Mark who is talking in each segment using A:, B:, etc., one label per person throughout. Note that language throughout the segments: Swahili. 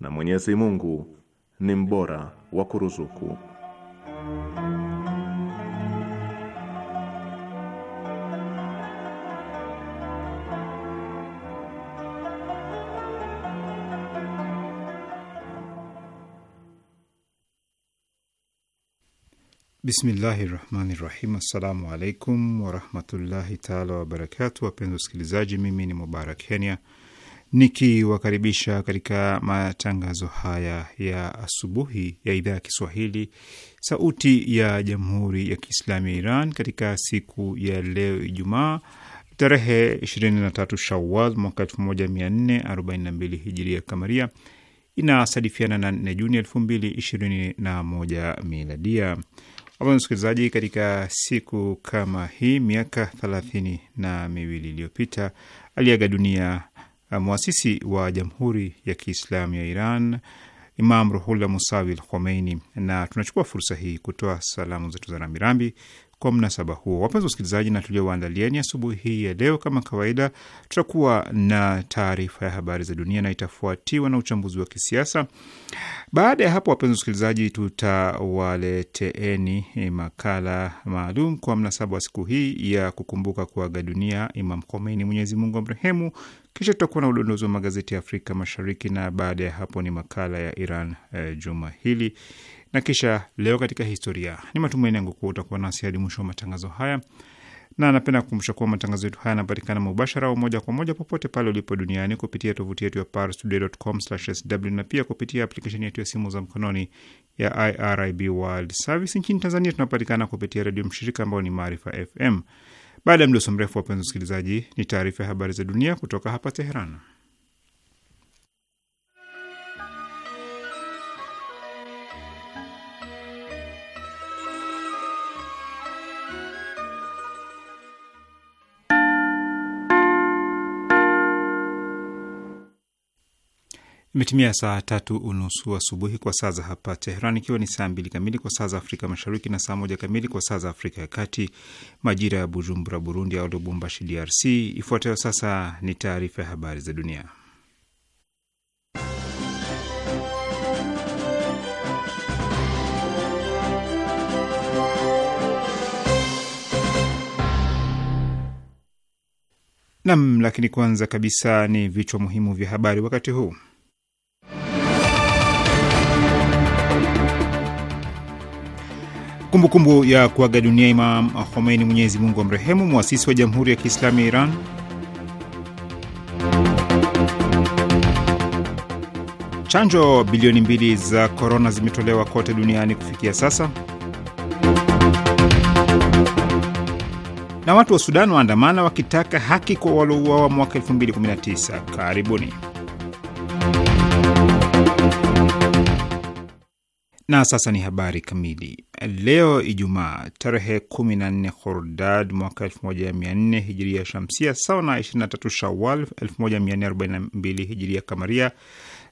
A: na Mwenyezi Mungu ni mbora wa kuruzuku.
B: Bismillahi rahmani rahim. Assalamu alaikum warahmatullahi taala wabarakatu. Wapenzi wasikilizaji, mimi ni Mubarak Kenya nikiwakaribisha katika matangazo haya ya asubuhi ya idhaa ya Kiswahili sauti ya jamhuri ya Kiislami ya Iran katika siku ya leo Ijumaa tarehe 23 Shawal mwaka 1442 hijiria kamaria inasadifiana na 4 Juni 2021 miladia. Wapenzi msikilizaji, katika siku kama hii miaka thelathini na miwili iliyopita aliaga dunia Uh, mwasisi wa Jamhuri ya Kiislamu ya Iran Imam Ruhullah Musawi al Khomeini, na tunachukua fursa hii kutoa salamu zetu za rambirambi kwa mnasaba huo. Wapenzi wasikilizaji, na tuliowaandalieni asubuhi hii ya leo, kama kawaida, tutakuwa na taarifa ya habari za dunia na itafuatiwa na uchambuzi wa kisiasa. Baada ya hapo, wapenzi wasikilizaji, tutawaleteeni eh, makala maalum kwa mnasaba wa siku hii ya kukumbuka kuaga dunia Imam Khomeini, Mwenyezi Mungu amrehemu, kisha tutakuwa na udondozi wa magazeti ya Afrika Mashariki, na baada ya hapo ni makala ya Iran eh, juma hili, na kisha leo katika historia. Ni matumaini yangu kuwa utakuwa nasi hadi mwisho wa matangazo haya, na napenda kukumbusha kuwa matangazo yetu haya yanapatikana mubashara au moja kwa moja popote pale ulipo duniani kupitia tovuti yetu ya parstoday.com/sw na pia kupitia aplikesheni yetu ya simu za mkononi ya IRIB World Service. Nchini Tanzania tunapatikana kupitia redio mshirika ambao ni Maarifa FM. Baada ya mdoso mrefu, wapenzi wasikilizaji, ni taarifa ya habari za dunia kutoka hapa Teheran. Imetimia saa tatu unusu asubuhi kwa saa za hapa Teheran, ikiwa ni saa mbili kamili kwa saa za Afrika Mashariki na saa moja kamili kwa saa za Afrika ya Kati, majira ya Bujumbura, Burundi, au Lubumbashi, DRC. Ifuatayo sasa ni taarifa ya habari za dunia, nam, lakini kwanza kabisa ni vichwa muhimu vya habari wakati huu. Kumbukumbu kumbu ya kuaga dunia Imam Khomeini, Mwenyezi Mungu amrehemu, mwasisi wa Jamhuri ya Kiislamu ya Iran. Chanjo bilioni mbili za korona zimetolewa kote duniani kufikia sasa. Na watu wa Sudan waandamana wakitaka haki kwa waliouawa mwaka 2019. Karibuni. Na sasa ni habari kamili. Leo Ijumaa tarehe 14 Khordad mwaka 1404 hijiria shamsia sawa na 23 Shawal 1442 hijiria kamaria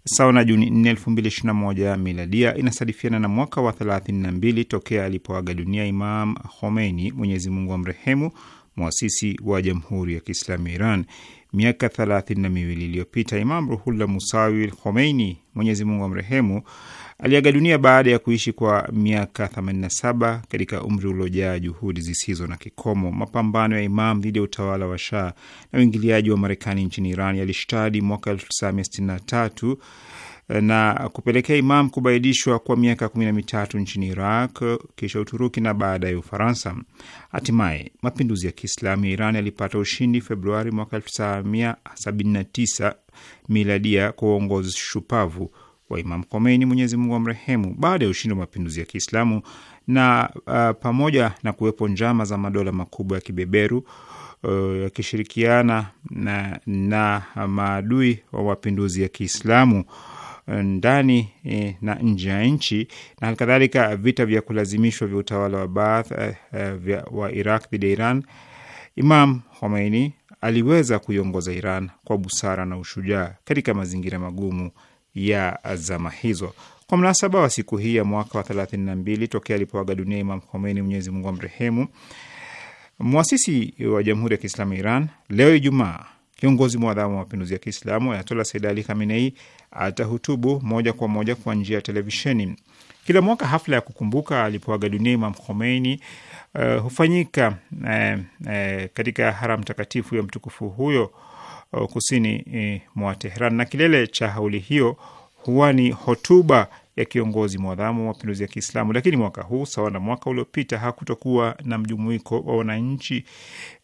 B: sawa na Juni 4, 2021 miladia, inasadifiana na mwaka wa 32 tokea alipoaga dunia Imam Khomeini, Mwenyezi Mungu mrehemu mwasisi wa Jamhuri ya Kiislamu ya Iran. Miaka thelathini na miwili iliyopita Imam Ruhullah Musawi Khomeini, Mwenyezi Mungu mrehemu Aliaga dunia baada ya kuishi kwa miaka 87 katika umri uliojaa juhudi zisizo na kikomo. Mapambano ya Imam dhidi ya utawala wa Shah na uingiliaji wa Marekani nchini Iran yalishtadi mwaka 1963 eh, na kupelekea Imam kubaidishwa kwa miaka kumi na mitatu nchini Iraq, kisha Uturuki na baadaye Ufaransa. Hatimaye mapinduzi ya Kiislamu ya Iran yalipata ushindi Februari mwaka 1979 miladia kwa uongozi shupavu wa Imam Khomeini, Mwenyezi Mungu amrehemu. Baada ya ushindi wa mapinduzi ya Kiislamu na uh, pamoja na kuwepo njama za madola makubwa ya kibeberu uh, yakishirikiana na, na maadui wa mapinduzi ya Kiislamu uh, ndani eh, na nje ya nchi na halikadhalika vita vya kulazimishwa vya utawala wa Baath eh, eh, vya, wa Iraq dhidi ya Iran, Imam Khomeini aliweza kuiongoza Iran kwa busara na ushujaa katika mazingira magumu ya zama hizo. Kwa mnasaba wa siku hii ya mwaka wa 32 tokea alipoaga dunia Imam Khomeini, Mwenyezi Mungu amrehemu, mwasisi wa Jamhuri ya Kiislamu ya Iran, leo Ijumaa, kiongozi mwadhamu wa mapinduzi ya Kiislamu Ayatola Said Ali Khamenei atahutubu moja kwa moja kwa njia ya televisheni. Kila mwaka hafla ya kukumbuka alipoaga dunia Imam Khomeini eh, hufanyika uh, uh, katika haram takatifu ya mtukufu huyo Uh, kusini eh, mwa Teheran, na kilele cha hauli hiyo huwa ni hotuba ya kiongozi mwadhamu wa mapinduzi ya Kiislamu. Lakini mwaka huu sawa na mwaka uliopita hakutokuwa na mjumuiko wa wananchi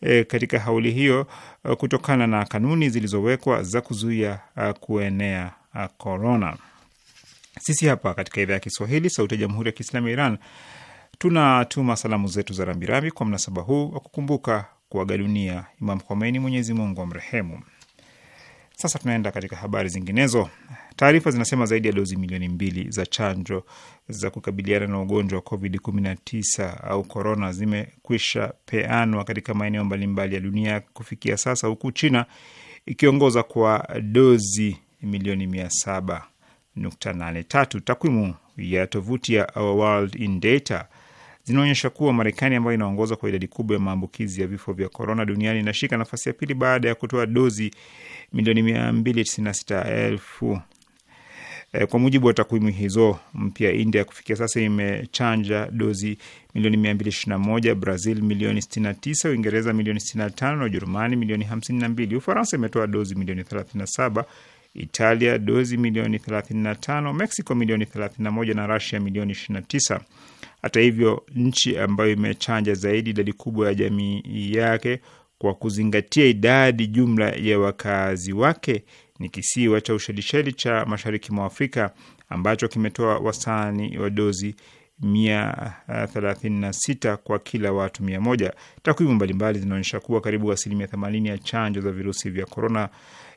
B: e, katika hauli hiyo uh, kutokana na kanuni zilizowekwa za kuzuia uh, kuenea a, korona. Sisi hapa katika idhaa ya Kiswahili sauti ya jamhuri ya Kiislamu ya Iran tunatuma salamu zetu za rambirambi kwa mnasaba huu wa kukumbuka kuaga dunia Imam Khomeini, Mwenyezi Mungu amrehemu. Sasa tunaenda katika habari zinginezo. Taarifa zinasema zaidi ya dozi milioni mbili za chanjo za kukabiliana na ugonjwa wa COVID-19 au korona zimekwisha peanwa katika maeneo mbalimbali ya dunia kufikia sasa, huku China ikiongoza kwa dozi milioni mia tatu. Takwimu ya tovuti ya Our World in Data zinaonyesha kuwa Marekani ambayo inaongoza kwa idadi kubwa ya maambukizi ya vifo vya korona duniani inashika nafasi ya pili baada ya kutoa dozi milioni mia mbili tisini na sita elfu eh, kwa mujibu wa takwimu hizo mpya, India kufikia sasa imechanja dozi milioni 221, Brazil milioni 69, Uingereza milioni 65 na Ujerumani milioni 52. Ufaransa imetoa dozi milioni 37, Italia dozi milioni 35, Mexico milioni 31 na Rusia milioni 29. Hata hivyo, nchi ambayo imechanja zaidi idadi kubwa ya jamii yake kwa kuzingatia idadi jumla ya wakazi wake ni kisiwa cha Ushelisheli cha mashariki mwa Afrika ambacho kimetoa wastani wa dozi 136 eh, kwa kila watu 100. Takwimu mbalimbali zinaonyesha kuwa karibu asilimia 80 ya chanjo za virusi vya korona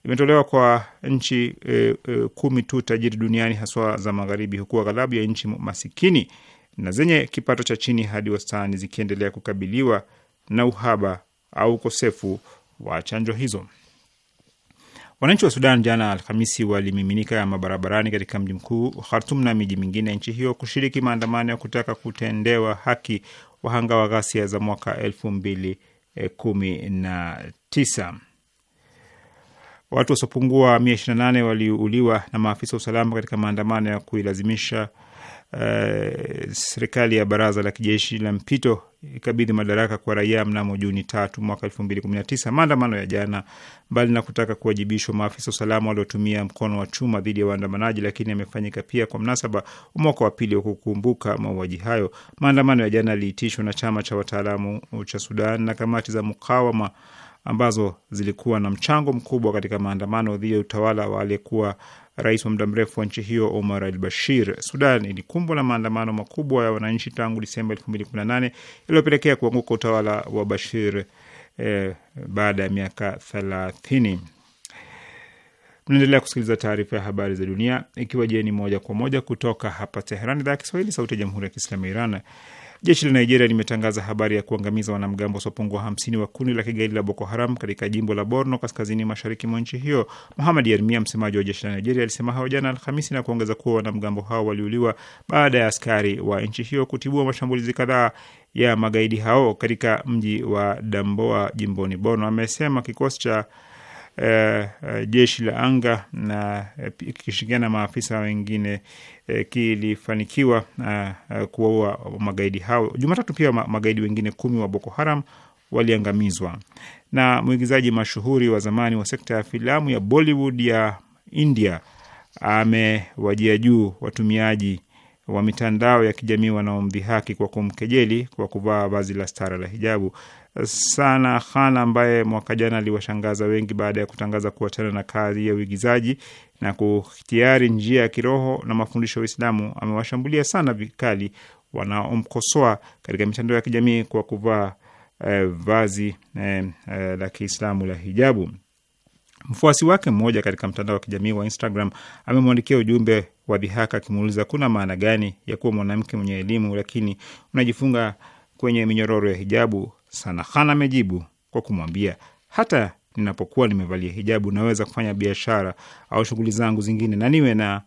B: imetolewa kwa nchi e, e, kumi tu tajiri duniani haswa za magharibi, huku aghalabu ya nchi masikini na zenye kipato cha chini hadi wastani zikiendelea kukabiliwa na uhaba au ukosefu wa chanjo hizo. Wananchi wa Sudan jana Alhamisi walimiminika mabarabarani katika mji mkuu Khartum na miji mingine ya nchi hiyo kushiriki maandamano ya kutaka kutendewa haki wahanga wa ghasia za mwaka elfu mbili e, kumi na tisa. Watu wasiopungua mia ishirini na nane waliuliwa na maafisa wa usalama katika maandamano ya kuilazimisha uh, serikali ya baraza la kijeshi la mpito ikabidhi madaraka kwa raia mnamo Juni tatu mwaka elfu mbili kumi na tisa. Maandamano ya jana, mbali na kutaka kuwajibishwa maafisa usalama waliotumia mkono wa chuma dhidi ya waandamanaji, lakini yamefanyika pia kwa mnasaba wa mwaka wa pili wa kukumbuka mauaji hayo. Maandamano ya jana yaliitishwa na chama cha wataalamu cha Sudan na kamati za mukawama ambazo zilikuwa na mchango mkubwa katika maandamano dhidi ya utawala wa aliyekuwa rais wa muda mrefu wa nchi hiyo Omar al Bashir. Sudan ilikumbwa na maandamano makubwa ya wananchi tangu Disemba 2018 iliyopelekea kuanguka utawala wa Bashir eh, baada ya miaka 30. Mnaendelea kusikiliza taarifa ya habari za dunia ikiwa jeni moja kwa moja kutoka hapa Teheran, idhaa ya Kiswahili, sauti ya jamhuri ya kiislamu ya Iran. Jeshi la Nigeria limetangaza habari ya kuangamiza wanamgambo wasiopungua hamsini wa kundi la kigaidi la Boko Haram katika jimbo la Borno, kaskazini mashariki mwa nchi hiyo. Muhamad Yermia, msemaji wa jeshi la Nigeria, alisema hayo jana Alhamisi na kuongeza kuwa wanamgambo hao waliuliwa baada ya askari wa nchi hiyo kutibua mashambulizi kadhaa ya magaidi hao katika mji wa Damboa, jimboni Borno. Amesema kikosi cha Eh, eh, jeshi la anga na eh, ikishirikiana na maafisa wengine kilifanikiwa kuwaua magaidi hao. Jumatatu pia magaidi wengine kumi wa Boko Haram waliangamizwa. Na mwigizaji mashuhuri wa zamani wa sekta ya filamu ya Bollywood ya India amewajia juu watumiaji wa mitandao ya kijamii wanaomdhihaki kwa kumkejeli kwa kuvaa vazi la stara la hijabu sana Khan ambaye mwaka jana aliwashangaza wengi baada ya kutangaza kuachana na kazi ya uigizaji na kutiari njia ya kiroho na mafundisho ya Uislamu, amewashambulia sana vikali wanaomkosoa katika mitandao ya kijamii kwa kuvaa eh, vazi eh, eh, la Kiislamu la hijabu. Mfuasi wake mmoja katika mtandao wa kijamii wa Instagram amemwandikia ujumbe wa dhihaka akimuuliza kuna maana gani ya kuwa mwanamke mwenye elimu lakini unajifunga kwenye minyororo ya hijabu sana. amejibu kwa kumwambia, hata ninapokuwa nimevalia hijabu naweza kufanya biashara au shughuli zangu zingine na niwe na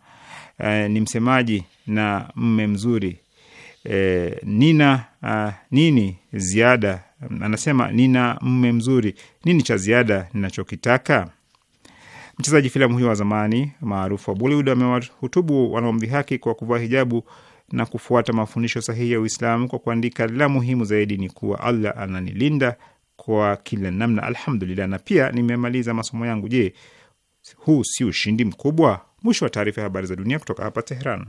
B: uh, ni msemaji na mme mzuri E, nina uh, nini ziada? Anasema nina mme mzuri, nini cha ziada ninachokitaka? Mchezaji filamu huyo wa zamani maarufu wa Bollywood amewahutubu wanaomdhihaki kwa kuvaa hijabu na kufuata mafundisho sahihi ya Uislamu kwa kuandika, la muhimu zaidi ni kuwa Allah ananilinda kwa kila namna, alhamdulillah, na pia nimemaliza masomo yangu. Je, huu si ushindi mkubwa? Mwisho wa taarifa ya habari za dunia kutoka hapa teheran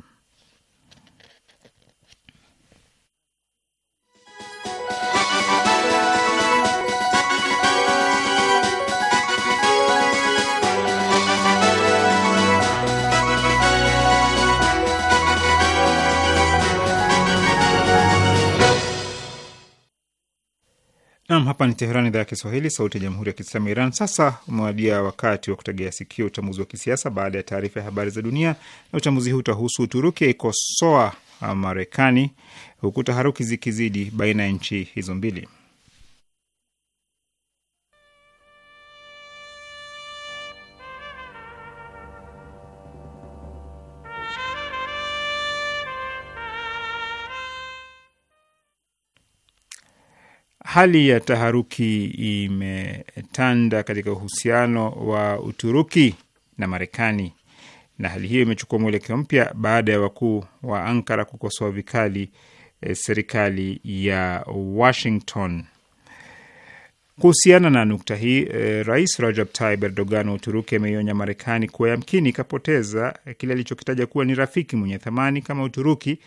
B: Nam, hapa ni teheran idhaa ya Kiswahili, sauti ya jamhuri ya kiislamu ya Iran. Sasa umewadia wakati wa kutegea sikio uchambuzi wa kisiasa baada ya taarifa ya habari za dunia, na uchambuzi huu utahusu Uturuki yaikosoa Marekani, huku taharuki zikizidi baina ya nchi hizo mbili. hali ya taharuki imetanda katika uhusiano wa Uturuki na Marekani, na hali hiyo imechukua mwelekeo mpya baada ya wakuu wa Ankara kukosoa vikali eh, serikali ya Washington. Kuhusiana na nukta hii eh, Rais Rajab Tayyip Erdogan wa Uturuki ameionya Marekani kuwa yamkini ikapoteza eh, kile alichokitaja kuwa ni rafiki mwenye thamani kama Uturuki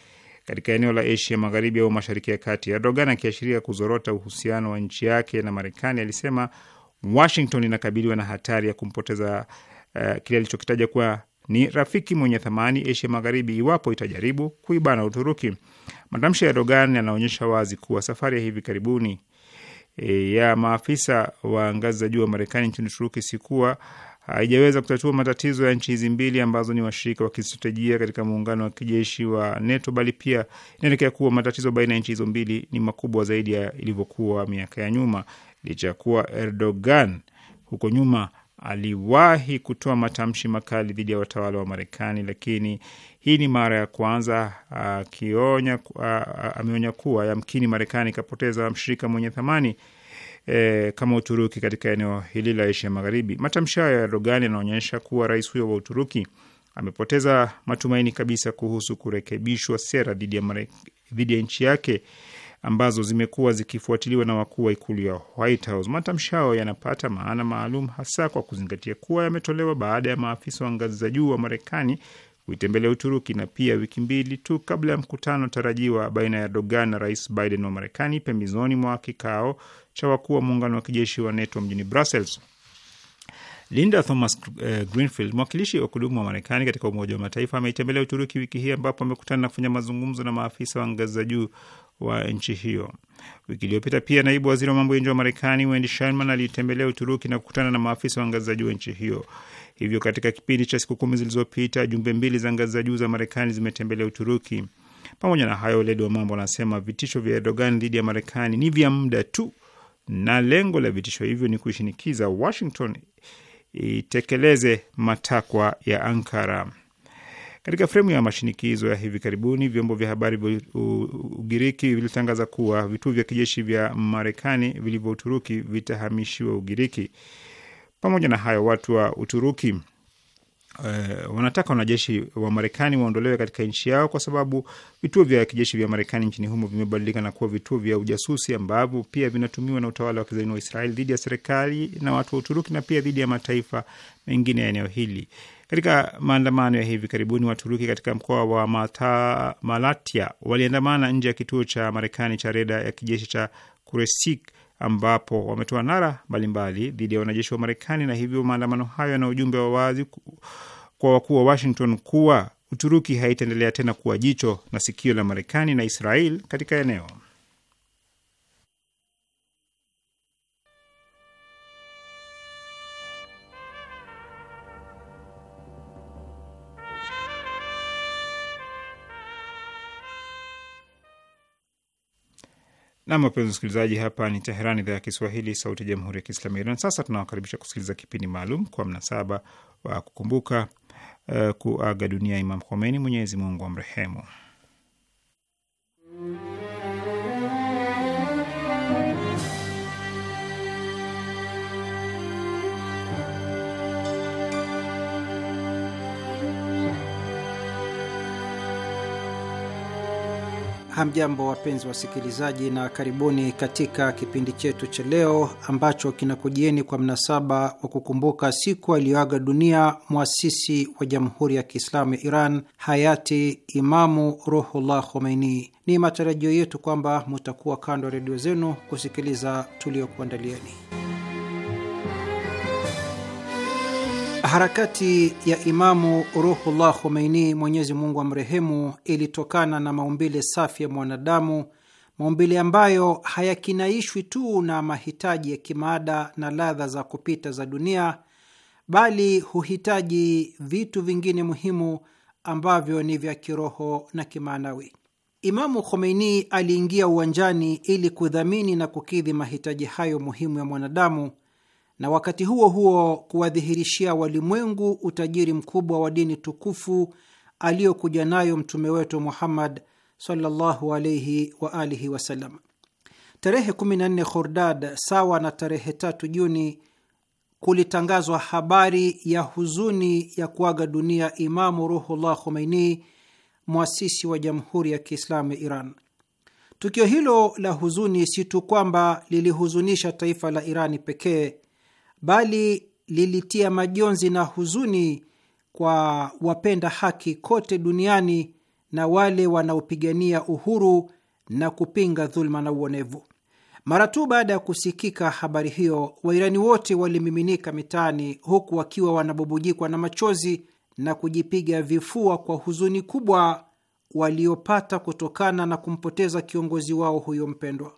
B: katika eneo la Asia Magharibi au Mashariki ya Kati. Erdogan akiashiria kuzorota uhusiano wa nchi yake na Marekani alisema Washington inakabiliwa na hatari ya kumpoteza uh, kile alichokitaja kuwa ni rafiki mwenye thamani Asia Magharibi iwapo itajaribu kuibana Uturuki. Matamshi ya Erdogan yanaonyesha wazi kuwa safari ya hivi karibuni e, ya maafisa wa ngazi za juu wa Marekani nchini Uturuki sikuwa haijaweza kutatua matatizo ya nchi hizi mbili ambazo ni washirika wa kistratejia katika muungano wa kijeshi wa NATO, bali pia inaelekea kuwa matatizo baina ya nchi hizo mbili ni makubwa zaidi ya ilivyokuwa miaka ya nyuma, licha ya kuwa Erdogan huko nyuma aliwahi kutoa matamshi makali dhidi ya watawala wa Marekani, lakini hii ni mara ya kwanza uh, akionya, uh, uh, ameonya kuwa yamkini Marekani ikapoteza mshirika mwenye thamani e, kama Uturuki katika eneo hili la Asia Magharibi. Matamshi hayo ya Erdogan yanaonyesha kuwa rais huyo wa Uturuki amepoteza matumaini kabisa kuhusu kurekebishwa sera dhidi ya nchi yake ambazo zimekuwa zikifuatiliwa na wakuu wa ikulu ya White House. Matamshi hayo yanapata maana maalum hasa kwa kuzingatia kuwa yametolewa baada ya maafisa wa ngazi za juu wa Marekani kuitembelea Uturuki na pia wiki mbili tu kabla ya mkutano tarajiwa baina ya Erdogan na rais Biden wa Marekani pembezoni mwa kikao cha wakuu wa muungano wa kijeshi wa NATO mjini Brussels. Linda Thomas eh, Greenfield, mwakilishi wa kudumu wa Marekani katika Umoja wa Mataifa, ameitembelea Uturuki wiki hii ambapo amekutana na kufanya mazungumzo na maafisa wa ngazi za juu wa nchi hiyo. Wiki iliyopita pia naibu waziri wa mambo ya nje wa Marekani Wendy Sherman alitembelea Uturuki na kukutana na maafisa wa ngazi za juu wa nchi hiyo. Hivyo, katika kipindi cha siku kumi zilizopita, jumbe mbili za ngazi za juu za Marekani zimetembelea Uturuki. Pamoja na hayo, weledi wa mambo anasema vitisho vya Erdogan dhidi ya Marekani ni vya muda tu na lengo la vitisho hivyo ni kushinikiza Washington itekeleze matakwa ya Ankara. Katika fremu ya mashinikizo ya hivi karibuni, vyombo vya habari vya Ugiriki vilitangaza kuwa vituo vya kijeshi vya Marekani vilivyo Uturuki vitahamishiwa Ugiriki. Pamoja na hayo, watu wa Uturuki Uh, wanataka wanajeshi wa Marekani waondolewe katika nchi yao kwa sababu vituo vya kijeshi vya Marekani nchini humo vimebadilika na kuwa vituo vya ujasusi ambavyo pia vinatumiwa na utawala wa kizaini wa Israeli dhidi ya serikali na watu wa Uturuki na pia dhidi ya mataifa mengine ya eneo hili. Katika maandamano ya hivi karibuni, Waturuki katika mkoa wa Mata, Malatya waliandamana nje ya kituo cha Marekani cha reda ya kijeshi cha Kuresik ambapo wametoa nara mbalimbali dhidi ya wanajeshi wa Marekani, na hivyo maandamano hayo yana ujumbe wa wazi kwa wakuu wa Washington kuwa Uturuki haitaendelea tena kuwa jicho na sikio la Marekani na Israel katika eneo. Nam, wapenzi msikilizaji, hapa ni Teheran, idhaa ya Kiswahili, sauti ya jamhuri ya kiislamu ya Iran. Sasa tunawakaribisha kusikiliza kipindi maalum kwa mnasaba wa kukumbuka uh, kuaga dunia Imam Khomeini, Mwenyezi Mungu amrehemu.
C: Hamjambo, wapenzi wasikilizaji, na karibuni katika kipindi chetu cha leo ambacho kinakujieni kwa mnasaba wa kukumbuka siku aliyoaga dunia mwasisi wa Jamhuri ya Kiislamu ya Iran, hayati Imamu Ruhullah Khomeini. Ni matarajio yetu kwamba mutakuwa kando ya redio zenu kusikiliza tuliokuandalieni. Harakati ya Imamu Ruhullah Khomeini, Mwenyezi Mungu amrehemu, ilitokana na maumbile safi ya mwanadamu, maumbile ambayo hayakinaishwi tu na mahitaji ya kimaada na ladha za kupita za dunia, bali huhitaji vitu vingine muhimu ambavyo ni vya kiroho na kimaanawi. Imamu Khomeini aliingia uwanjani ili kudhamini na kukidhi mahitaji hayo muhimu ya mwanadamu na wakati huo huo kuwadhihirishia walimwengu utajiri mkubwa wa dini tukufu aliyokuja nayo mtume wetu Muhammad sallallahu wa alihi wasallam. Tarehe 14 Khordad sawa na tarehe tatu Juni kulitangazwa habari ya huzuni ya kuaga dunia Imamu Ruhullah Khomeini, mwasisi wa Jamhuri ya Kiislamu ya Iran. Tukio hilo la huzuni si tu kwamba lilihuzunisha taifa la Irani pekee bali lilitia majonzi na huzuni kwa wapenda haki kote duniani na wale wanaopigania uhuru na kupinga dhuluma na uonevu. Mara tu baada ya kusikika habari hiyo, Wairani wote walimiminika mitaani, huku wakiwa wanabubujikwa na machozi na kujipiga vifua kwa huzuni kubwa waliopata kutokana na kumpoteza kiongozi wao huyo mpendwa.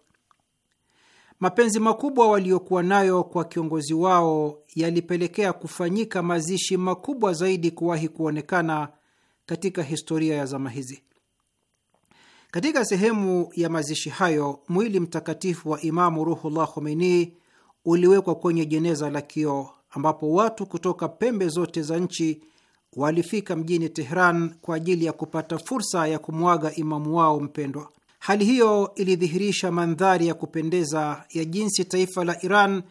C: Mapenzi makubwa waliokuwa nayo kwa kiongozi wao yalipelekea kufanyika mazishi makubwa zaidi kuwahi kuonekana katika historia ya zama hizi. Katika sehemu ya mazishi hayo, mwili mtakatifu wa Imamu Ruhullah Khomeini uliwekwa kwenye jeneza la kioo ambapo watu kutoka pembe zote za nchi walifika mjini Tehran kwa ajili ya kupata fursa ya kumwaga imamu wao mpendwa. Hali hiyo ilidhihirisha mandhari ya kupendeza ya jinsi taifa la Iran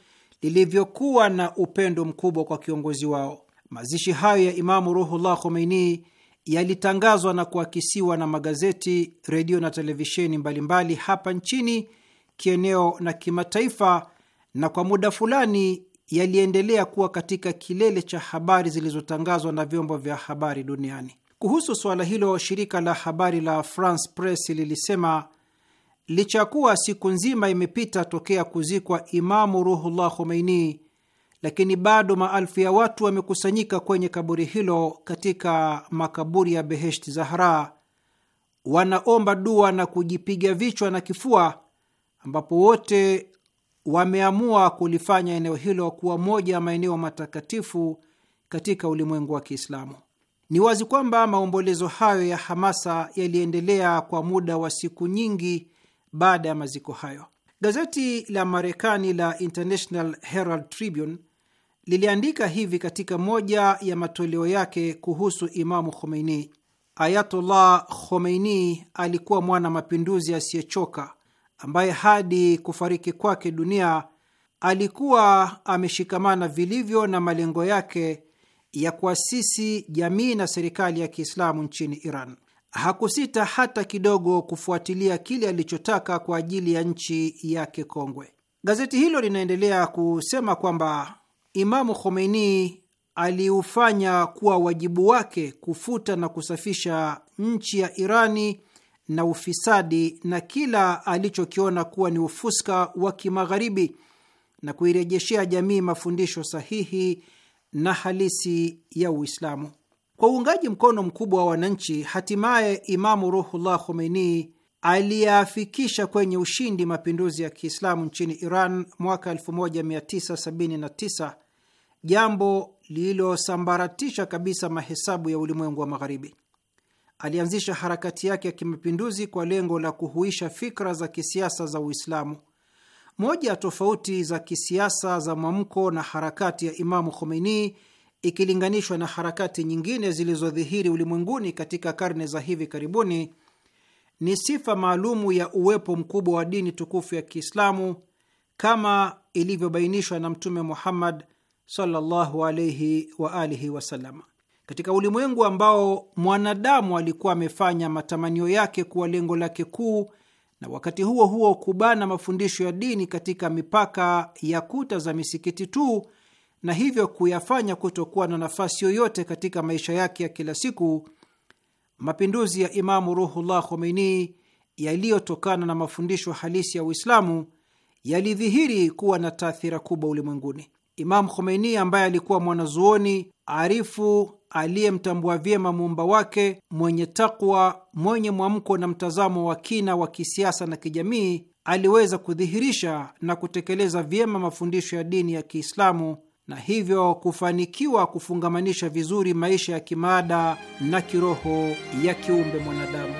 C: lilivyokuwa na upendo mkubwa kwa kiongozi wao. Mazishi hayo ya Imamu Ruhullah Khomeini yalitangazwa na kuakisiwa na magazeti, redio na televisheni mbalimbali mbali hapa nchini, kieneo na kimataifa, na kwa muda fulani yaliendelea kuwa katika kilele cha habari zilizotangazwa na vyombo vya habari duniani. Kuhusu suala hilo, shirika la habari la France Press lilisema licha ya kuwa siku nzima imepita tokea kuzikwa Imamu Ruhullah Khomeini, lakini bado maelfu ya watu wamekusanyika kwenye kaburi hilo katika makaburi ya Beheshti Zahra, wanaomba dua na kujipiga vichwa na kifua, ambapo wote wameamua kulifanya eneo hilo kuwa moja ya maeneo matakatifu katika ulimwengu wa Kiislamu. Ni wazi kwamba maombolezo hayo ya hamasa yaliendelea kwa muda wa siku nyingi baada ya maziko hayo. Gazeti la Marekani la International Herald Tribune liliandika hivi katika moja ya matoleo yake kuhusu Imamu Khomeini: Ayatollah Khomeini alikuwa mwana mapinduzi asiyechoka ambaye hadi kufariki kwake dunia alikuwa ameshikamana vilivyo na malengo yake ya kuasisi jamii na serikali ya Kiislamu nchini Iran. Hakusita hata kidogo kufuatilia kile alichotaka kwa ajili ya nchi yake kongwe. Gazeti hilo linaendelea kusema kwamba Imamu Khomeini aliufanya kuwa wajibu wake kufuta na kusafisha nchi ya Irani na ufisadi na kila alichokiona kuwa ni ufuska wa kimagharibi na kuirejeshea jamii mafundisho sahihi na halisi ya Uislamu. Kwa uungaji mkono mkubwa wa wananchi, hatimaye Imamu Ruhullah Khomeini aliyeafikisha kwenye ushindi mapinduzi ya Kiislamu nchini Iran mwaka 1979, jambo lililosambaratisha kabisa mahesabu ya ulimwengu wa Magharibi. Alianzisha harakati yake ya kimapinduzi kwa lengo la kuhuisha fikra za kisiasa za Uislamu moja ya tofauti za kisiasa za mwamko na harakati ya Imamu Khomeini ikilinganishwa na harakati nyingine zilizodhihiri ulimwenguni katika karne za hivi karibuni ni sifa maalumu ya uwepo mkubwa wa dini tukufu ya Kiislamu kama ilivyobainishwa na Mtume Muhammad sallallahu wa alihi wasallam. Katika ulimwengu ambao mwanadamu alikuwa amefanya matamanio yake kuwa lengo lake kuu na wakati huo huo kubana mafundisho ya dini katika mipaka ya kuta za misikiti tu, na hivyo kuyafanya kutokuwa na nafasi yoyote katika maisha yake ya kila siku. Mapinduzi ya Imamu Ruhullah Khomeini yaliyotokana na mafundisho halisi ya Uislamu yalidhihiri kuwa na taathira kubwa ulimwenguni. Imamu Khomeini ambaye alikuwa mwanazuoni arifu aliyemtambua vyema muumba wake, mwenye takwa, mwenye mwamko na mtazamo wa kina wa kisiasa na kijamii, aliweza kudhihirisha na kutekeleza vyema mafundisho ya dini ya Kiislamu na hivyo kufanikiwa kufungamanisha vizuri maisha ya kimaada na kiroho ya kiumbe mwanadamu.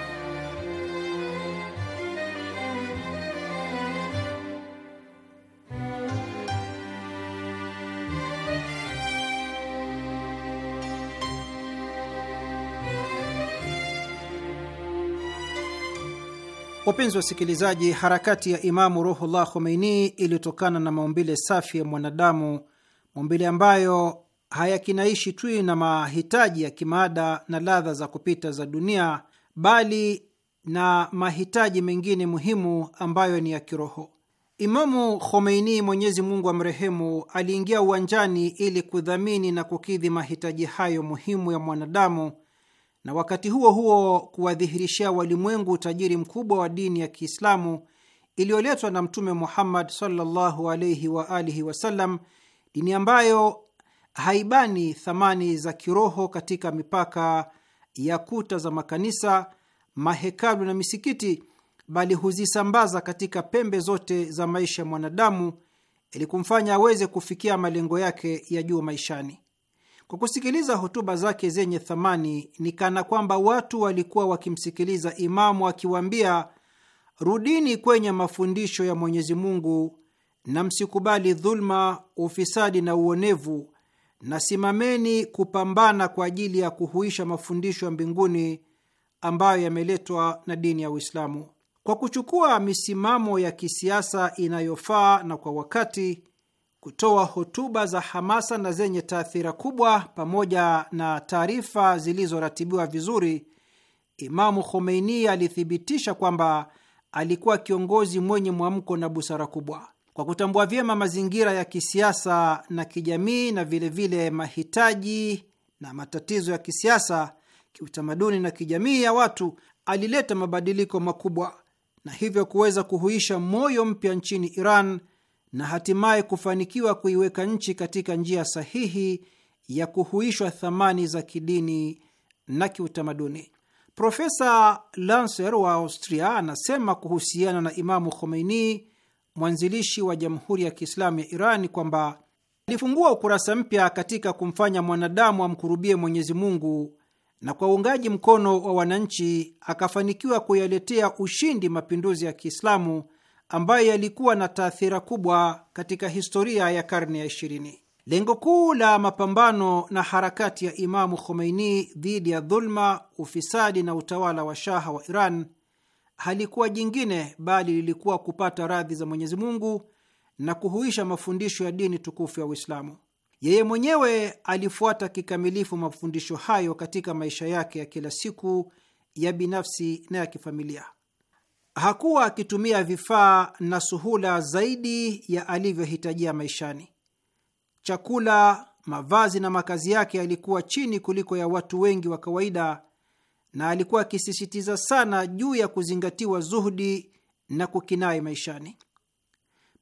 C: Wapenzi wasikilizaji, harakati ya Imamu Ruhullah Khomeini ilitokana na maumbile safi ya mwanadamu, maumbile ambayo hayakinaishi tu na mahitaji ya kimaada na ladha za kupita za dunia, bali na mahitaji mengine muhimu ambayo ni ya kiroho. Imamu Khomeini, Mwenyezi Mungu amrehemu, aliingia uwanjani ili kudhamini na kukidhi mahitaji hayo muhimu ya mwanadamu na wakati huo huo kuwadhihirishia walimwengu utajiri mkubwa wa dini ya Kiislamu iliyoletwa na Mtume Muhammad sallallahu alaihi wa alihi wasallam, dini ambayo haibani thamani za kiroho katika mipaka ya kuta za makanisa, mahekalu na misikiti, bali huzisambaza katika pembe zote za maisha ya mwanadamu ili kumfanya aweze kufikia malengo yake ya juu maishani. Kwa kusikiliza hotuba zake zenye thamani, ni kana kwamba watu walikuwa wakimsikiliza imamu akiwaambia, rudini kwenye mafundisho ya Mwenyezi Mungu na msikubali dhuluma, ufisadi na uonevu, na simameni kupambana kwa ajili ya kuhuisha mafundisho ya mbinguni ambayo yameletwa na dini ya Uislamu. Kwa kuchukua misimamo ya kisiasa inayofaa na kwa wakati kutoa hotuba za hamasa na zenye taathira kubwa pamoja na taarifa zilizoratibiwa vizuri, Imamu Khomeini alithibitisha kwamba alikuwa kiongozi mwenye mwamko na busara kubwa. Kwa kutambua vyema mazingira ya kisiasa na kijamii na vilevile vile mahitaji na matatizo ya kisiasa, kiutamaduni na kijamii ya watu, alileta mabadiliko makubwa na hivyo kuweza kuhuisha moyo mpya nchini Iran na hatimaye kufanikiwa kuiweka nchi katika njia sahihi ya kuhuishwa thamani za kidini na kiutamaduni. Profesa Lancer wa Austria anasema kuhusiana na Imamu Khomeini, mwanzilishi wa Jamhuri ya Kiislamu ya Iran, kwamba alifungua ukurasa mpya katika kumfanya mwanadamu amkurubie Mwenyezi Mungu, na kwa uungaji mkono wa wananchi akafanikiwa kuyaletea ushindi mapinduzi ya Kiislamu ambayo yalikuwa na taathira kubwa katika historia ya karne ya ishirini. Lengo kuu la mapambano na harakati ya Imamu Khomeini dhidi ya dhulma, ufisadi na utawala wa shaha wa Iran halikuwa jingine bali lilikuwa kupata radhi za Mwenyezi Mungu na kuhuisha mafundisho ya dini tukufu ya Uislamu. Yeye mwenyewe alifuata kikamilifu mafundisho hayo katika maisha yake ya kila siku ya binafsi na ya kifamilia hakuwa akitumia vifaa na suhula zaidi ya alivyohitajia maishani. Chakula, mavazi na makazi yake yalikuwa chini kuliko ya watu wengi wa kawaida, na alikuwa akisisitiza sana juu ya kuzingatiwa zuhudi na kukinai maishani.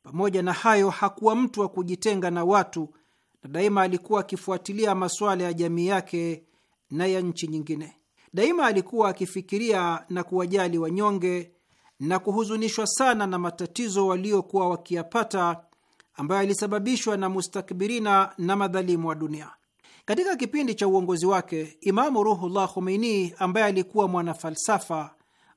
C: Pamoja na hayo, hakuwa mtu wa kujitenga na watu, na daima alikuwa akifuatilia masuala ya jamii yake na ya nchi nyingine. Daima alikuwa akifikiria na kuwajali wanyonge na kuhuzunishwa sana na matatizo waliokuwa wakiyapata ambayo yalisababishwa na mustakbirina na madhalimu wa dunia. Katika kipindi cha uongozi wake, Imamu Ruhullah Khomeini, ambaye alikuwa mwanafalsafa,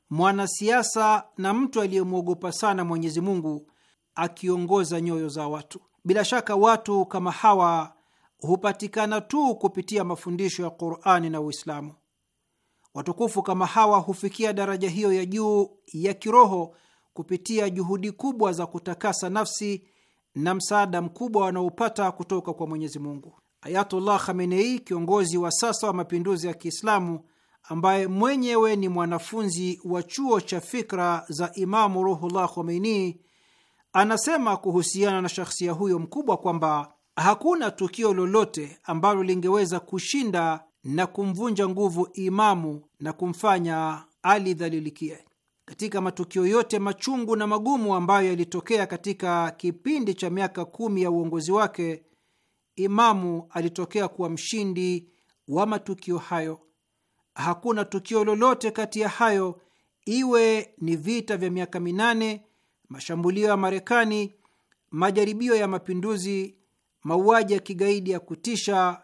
C: mwanasiasa na mtu aliyemwogopa sana Mwenyezi Mungu, akiongoza nyoyo za watu. Bila shaka watu kama hawa hupatikana tu kupitia mafundisho ya Qurani na Uislamu. Watukufu kama hawa hufikia daraja hiyo ya juu ya kiroho kupitia juhudi kubwa za kutakasa nafsi na msaada mkubwa wanaopata kutoka kwa Mwenyezi Mungu. Ayatullah Khamenei, kiongozi wa sasa wa mapinduzi ya Kiislamu, ambaye mwenyewe ni mwanafunzi wa chuo cha fikra za Imamu Ruhullah Khomeini, anasema kuhusiana na shakhsia huyo mkubwa kwamba hakuna tukio lolote ambalo lingeweza kushinda na kumvunja nguvu imamu na kumfanya alidhalilikie. Katika matukio yote machungu na magumu ambayo yalitokea katika kipindi cha miaka kumi ya uongozi wake, imamu alitokea kuwa mshindi wa matukio hayo. Hakuna tukio lolote kati ya hayo, iwe ni vita vya miaka minane, mashambulio ya Marekani, majaribio ya mapinduzi, mauaji ya kigaidi ya kutisha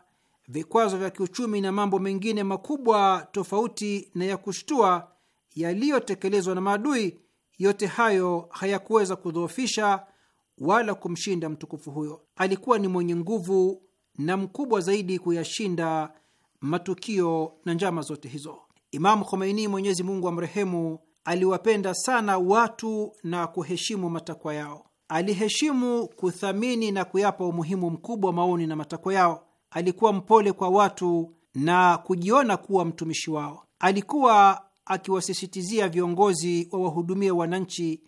C: vikwazo vya kiuchumi na mambo mengine makubwa tofauti na ya kushtua yaliyotekelezwa na maadui, yote hayo hayakuweza kudhoofisha wala kumshinda mtukufu huyo. Alikuwa ni mwenye nguvu na mkubwa zaidi kuyashinda matukio na njama zote hizo. Imamu Khomeini, Mwenyezi Mungu amrehemu, aliwapenda sana watu na kuheshimu matakwa yao. Aliheshimu, kuthamini na kuyapa umuhimu mkubwa maoni na matakwa yao alikuwa mpole kwa watu na kujiona kuwa mtumishi wao. Alikuwa akiwasisitizia viongozi wahudumia wananchi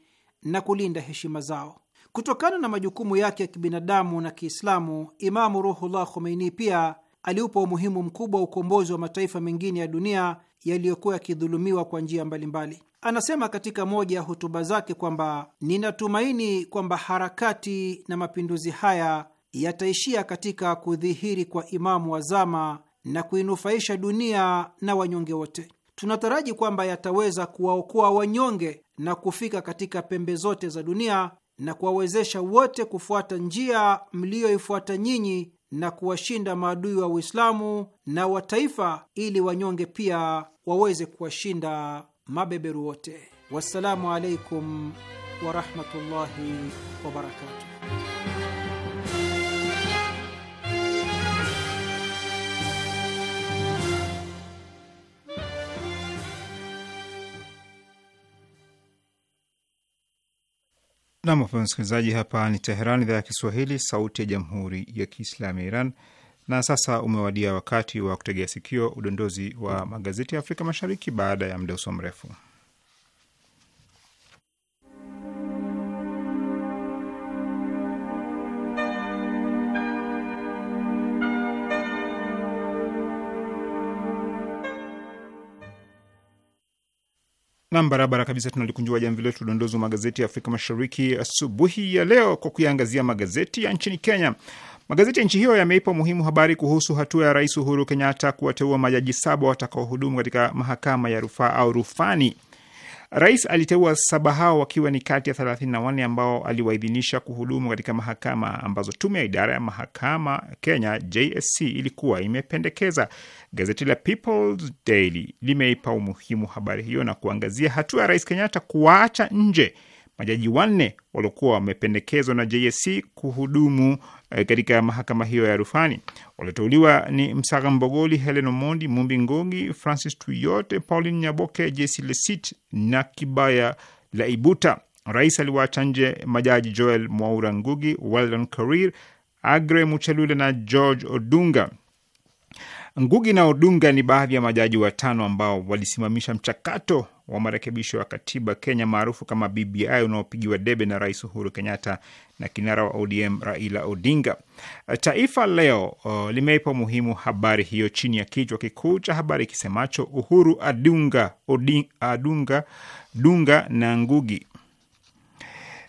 C: na kulinda heshima zao. Kutokana na majukumu yake ya kibinadamu na Kiislamu, Imamu Ruhullah Khomeini pia aliupa umuhimu mkubwa wa ukombozi wa mataifa mengine ya dunia yaliyokuwa yakidhulumiwa kwa njia mbalimbali. Anasema katika moja ya hotuba zake kwamba ninatumaini kwamba harakati na mapinduzi haya yataishia katika kudhihiri kwa Imamu wa zama na kuinufaisha dunia na wanyonge wote. Tunataraji kwamba yataweza kuwaokoa wanyonge na kufika katika pembe zote za dunia na kuwawezesha wote kufuata njia mliyoifuata nyinyi na kuwashinda maadui wa Uislamu na wa taifa, ili wanyonge pia waweze kuwashinda mabeberu wote. Wassalamu alaikum warahmatullahi wabarakatuh.
B: Nam, wapenzi msikilizaji, hapa ni Teheran, idhaa ya Kiswahili, sauti ya jamhuri ya kiislamu ya Iran. Na sasa umewadia wakati wa kutegea sikio udondozi wa magazeti ya Afrika Mashariki baada ya muda usio mrefu. Nam, barabara kabisa. Tunalikunjua jamvi letu udondozi wa magazeti ya Afrika Mashariki asubuhi ya leo kwa kuyaangazia magazeti ya nchini Kenya. Magazeti ya nchi hiyo yameipa umuhimu habari kuhusu hatua ya Rais Uhuru Kenyatta kuwateua majaji saba watakaohudumu katika mahakama ya rufaa au rufani. Rais aliteua saba hao wakiwa ni kati ya 34 ambao aliwaidhinisha kuhudumu katika mahakama ambazo tume ya idara ya mahakama Kenya JSC ilikuwa imependekeza. Gazeti la People's Daily limeipa umuhimu habari hiyo na kuangazia hatua ya Rais Kenyatta kuwaacha nje majaji wanne waliokuwa wamependekezwa na JSC kuhudumu eh, katika mahakama hiyo ya rufani. Walioteuliwa ni Msaga Mbogoli, Helen Omondi, Mumbi Ngogi, Francis Tuyote, Pauline Nyaboke, Jesi Lesit na Kibaya Laibuta. Rais aliwaacha nje majaji Joel Mwaura Ngugi, Weldon Karir, Agre Muchelule na George Odunga. Ngugi na Odunga ni baadhi ya majaji watano ambao walisimamisha mchakato wa marekebisho ya katiba Kenya maarufu kama BBI unaopigiwa debe na Rais Uhuru Kenyatta na kinara wa ODM Raila Odinga. Taifa Leo uh, limeipa umuhimu habari hiyo chini ya kichwa kikuu cha habari kisemacho Uhuru adunga, Odinga, adunga dunga na Ngugi.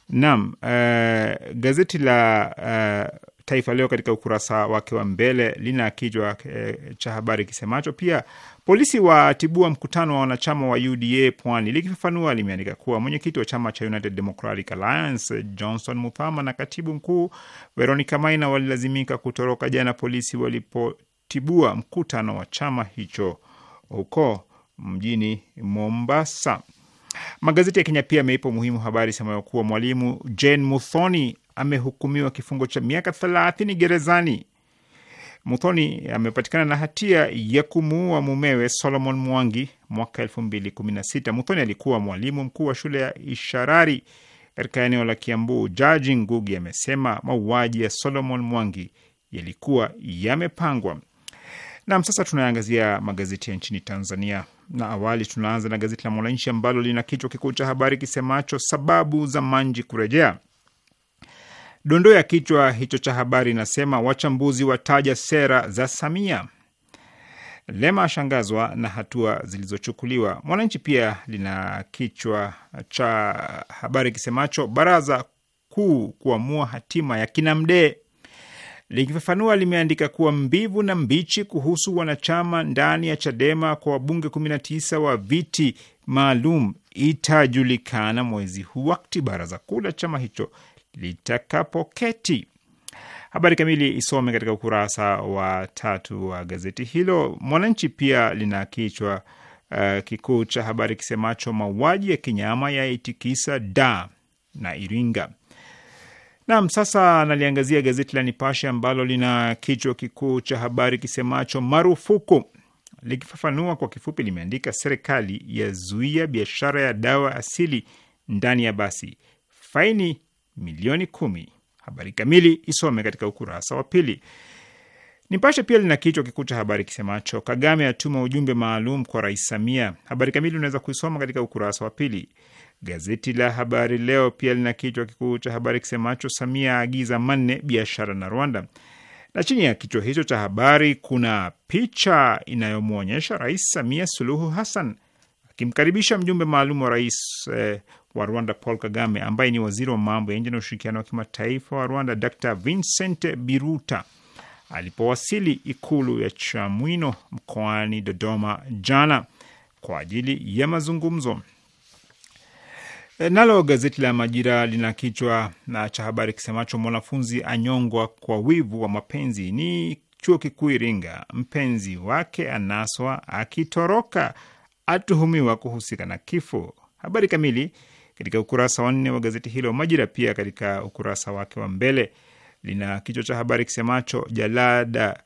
B: Naam, uh, gazeti la uh, Taifa Leo katika ukurasa wake wa mbele lina kichwa e, cha habari kisemacho pia polisi watibua mkutano wa wanachama wa UDA Pwani. Likifafanua limeandika kuwa mwenyekiti wa chama cha United Democratic Alliance Johnson Muthama na katibu mkuu Veronica Maina walilazimika kutoroka jana polisi walipotibua mkutano wa chama hicho huko mjini Mombasa. Magazeti ya Kenya pia ameipa umuhimu habari semayo kuwa mwalimu Jane Muthoni amehukumiwa kifungo cha miaka thelathini gerezani. Muthoni amepatikana na hatia ya kumuua mumewe Solomon Mwangi mwaka elfu mbili kumi na sita. Muthoni alikuwa mwalimu mkuu wa shule ya Isharari katika eneo la Kiambu. Jaji Ngugi amesema mauaji ya Solomon Mwangi yalikuwa yamepangwa. Nam, sasa tunaangazia magazeti ya nchini Tanzania na awali tunaanza na gazeti la Mwananchi ambalo lina kichwa kikuu cha habari kisemacho sababu za Manji kurejea. Dondoo ya kichwa hicho cha habari inasema wachambuzi wataja sera za Samia. Lema ashangazwa na hatua zilizochukuliwa. Mwananchi pia lina kichwa cha habari kisemacho baraza kuu kuamua hatima ya kinamdee. Likifafanua, limeandika kuwa mbivu na mbichi kuhusu wanachama ndani ya Chadema kwa wabunge 19 wa viti maalum itajulikana mwezi huu wakati baraza kuu la chama hicho litakapoketi. Habari kamili isome katika ukurasa wa tatu wa gazeti hilo. Mwananchi pia lina kichwa uh, kikuu cha habari kisemacho mauaji ya kinyama yaitikisa da na Iringa. Naam, sasa naliangazia gazeti la Nipashe ambalo lina kichwa kikuu cha habari kisemacho marufuku. Likifafanua kwa kifupi, limeandika serikali yazuia biashara ya dawa asili ndani ya basi, faini milioni kumi. Habari kamili isome katika ukurasa wa pili. Nipashe pia lina kichwa kikuu cha habari kisemacho Kagame atuma ujumbe maalum kwa Rais Samia. Habari kamili unaweza kuisoma katika ukurasa wa pili. Gazeti la Habari Leo pia lina kichwa kikuu cha habari kisemacho Samia aagiza manne biashara na Rwanda, na chini ya kichwa hicho cha habari kuna picha inayomwonyesha Rais Samia Suluhu Hassan akimkaribisha mjumbe maalum wa rais eh, wa Rwanda Paul Kagame, ambaye ni waziri wa mambo ya nje na ushirikiano wa kimataifa wa Rwanda Dr Vincent Biruta alipowasili ikulu ya Chamwino mkoani Dodoma jana kwa ajili ya mazungumzo. Nalo gazeti la Majira lina kichwa cha habari kisemacho mwanafunzi anyongwa kwa wivu wa mapenzi. Ni chuo kikuu Iringa, mpenzi wake anaswa akitoroka, atuhumiwa kuhusika na kifo. Habari kamili katika ukurasa wa nne wa gazeti hilo. Majira pia katika ukurasa wake wa mbele lina kichwa cha habari kisemacho jalada